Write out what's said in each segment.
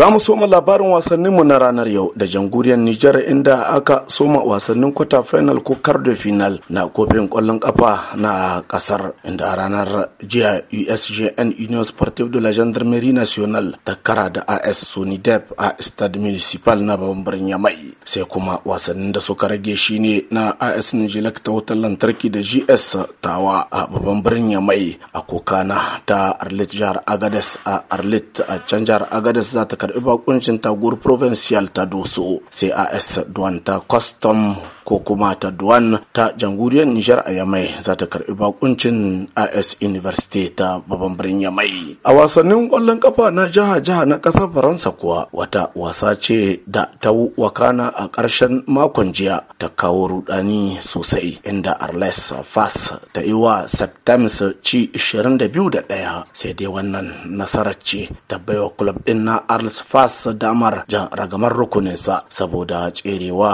Za mu soma labarin wasanninmu na ranar yau da jamhuriyar Nijar inda aka soma wasannin kwata final ko kardo final na kofin kwallon kafa na kasar inda ranar jiya USGN Union Sportive de la Gendarmerie Nationale ta kara da AS Sonidep a Stade Municipal na babban birnin Yamai. Sai kuma wasannin da suka rage ne na AS Nijilak ta wutar lantarki da GS Tawa a babban birnin Yamai a Kokana ta Arlit jihar Agades a Arlit a can jihar Agades za ta karɓi bakuncin tagur provincial ta doso sai as duwan ta custom ko kuma ta duwan ta jamhuriyar nijar a yamai za ta karɓi bakuncin as university ta babban birnin yamai a wasannin ƙwallon kafa na jiha jiha na ƙasar faransa kuwa wata wasa ce da ta wakana a ƙarshen makon jiya ta kawo rudani sosai inda Arles Fas ta yi wa Septems ci 21 sai dai wannan nasarar ce ta baiwa club ɗin na Arles Fas damar jan ragamar rukuninsa saboda tserewa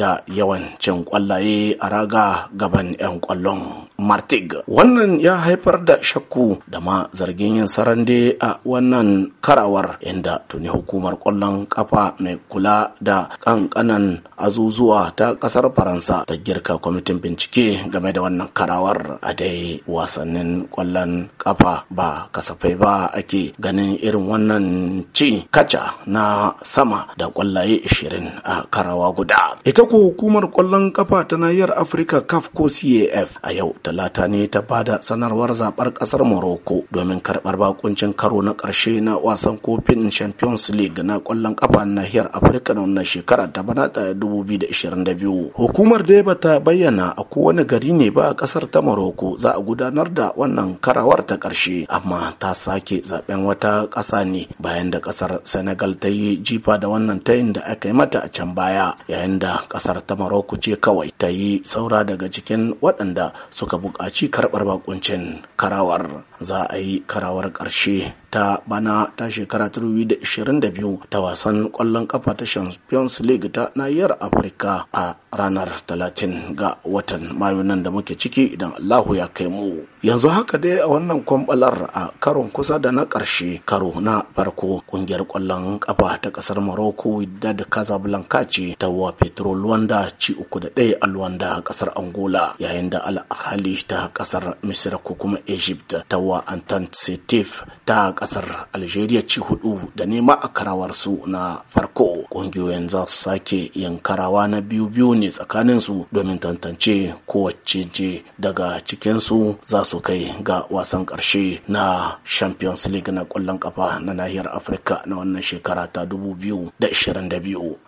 da yawan cin kwallaye a raga gaban 'yan kwallon martig wannan ya haifar da shakku da ma zargin yin sarande a wannan karawar inda tuni hukumar kwallon kafa mai kula da kankanan azuzuwa ta kasar faransa ta girka kwamitin bincike game da wannan karawar a dai wasannin kwallon kafa ba kasafai ba ake ganin irin wannan ci kaca na sama da kwallaye 20 a karawa guda ita ko hukumar kwallon kafa ta nahiyar afirka caf ko caf a yau talata ne ta bada sanarwar zabar kasar morocco domin karbar bakuncin karo na karshe na wasan kofin champions league na kwallon kafa nahiyar afirka na wannan shekara ta bana ta 2022 hukumar dai bata bayyana a kowane gari ne ba a kasar ta morocco za a gudanar da wannan karawar ta karshe amma ta sake zaben wata kasa ne bayan da kasar senegal ta yi jifa da wannan tayin da aka yi mata a can baya yayin da kasar ta morocco ce kawai ta yi saura daga cikin waɗanda suka suka buƙaci karɓar bakuncin karawar za a yi karawar ƙarshe ta bana ta shekara 2022 ta wasan kwallon kafa ta champions league ta nahiyar afirka a ranar talatin ga watan mayu nan da muke ciki idan allahu ya kai mu yanzu haka dai a wannan kwambalar a karon kusa da na ƙarshe karo na farko kungiyar kwallon kafa ta kasar morocco da casablanca ce ta wa petro luanda ci uku da ɗaya a luwanda ƙasar angola yayin da al'ahali ta kasar misira ko kuma egypt ta wa antan setif ta kasar algeria ci hudu da nema a karawarsu na farko kungiyoyin za su sake yin karawa na biyu biyu ne tsakaninsu domin tantance kowace ce daga cikinsu za su kai ga wasan karshe na champions league na kwallon kafa na nahiyar afirka na wannan shekara ta 2022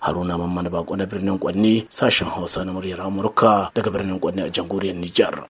haruna mamman bako na birnin kwanne sashen hausa na muryar amurka daga birnin kwanne a jamhuriyar Niger.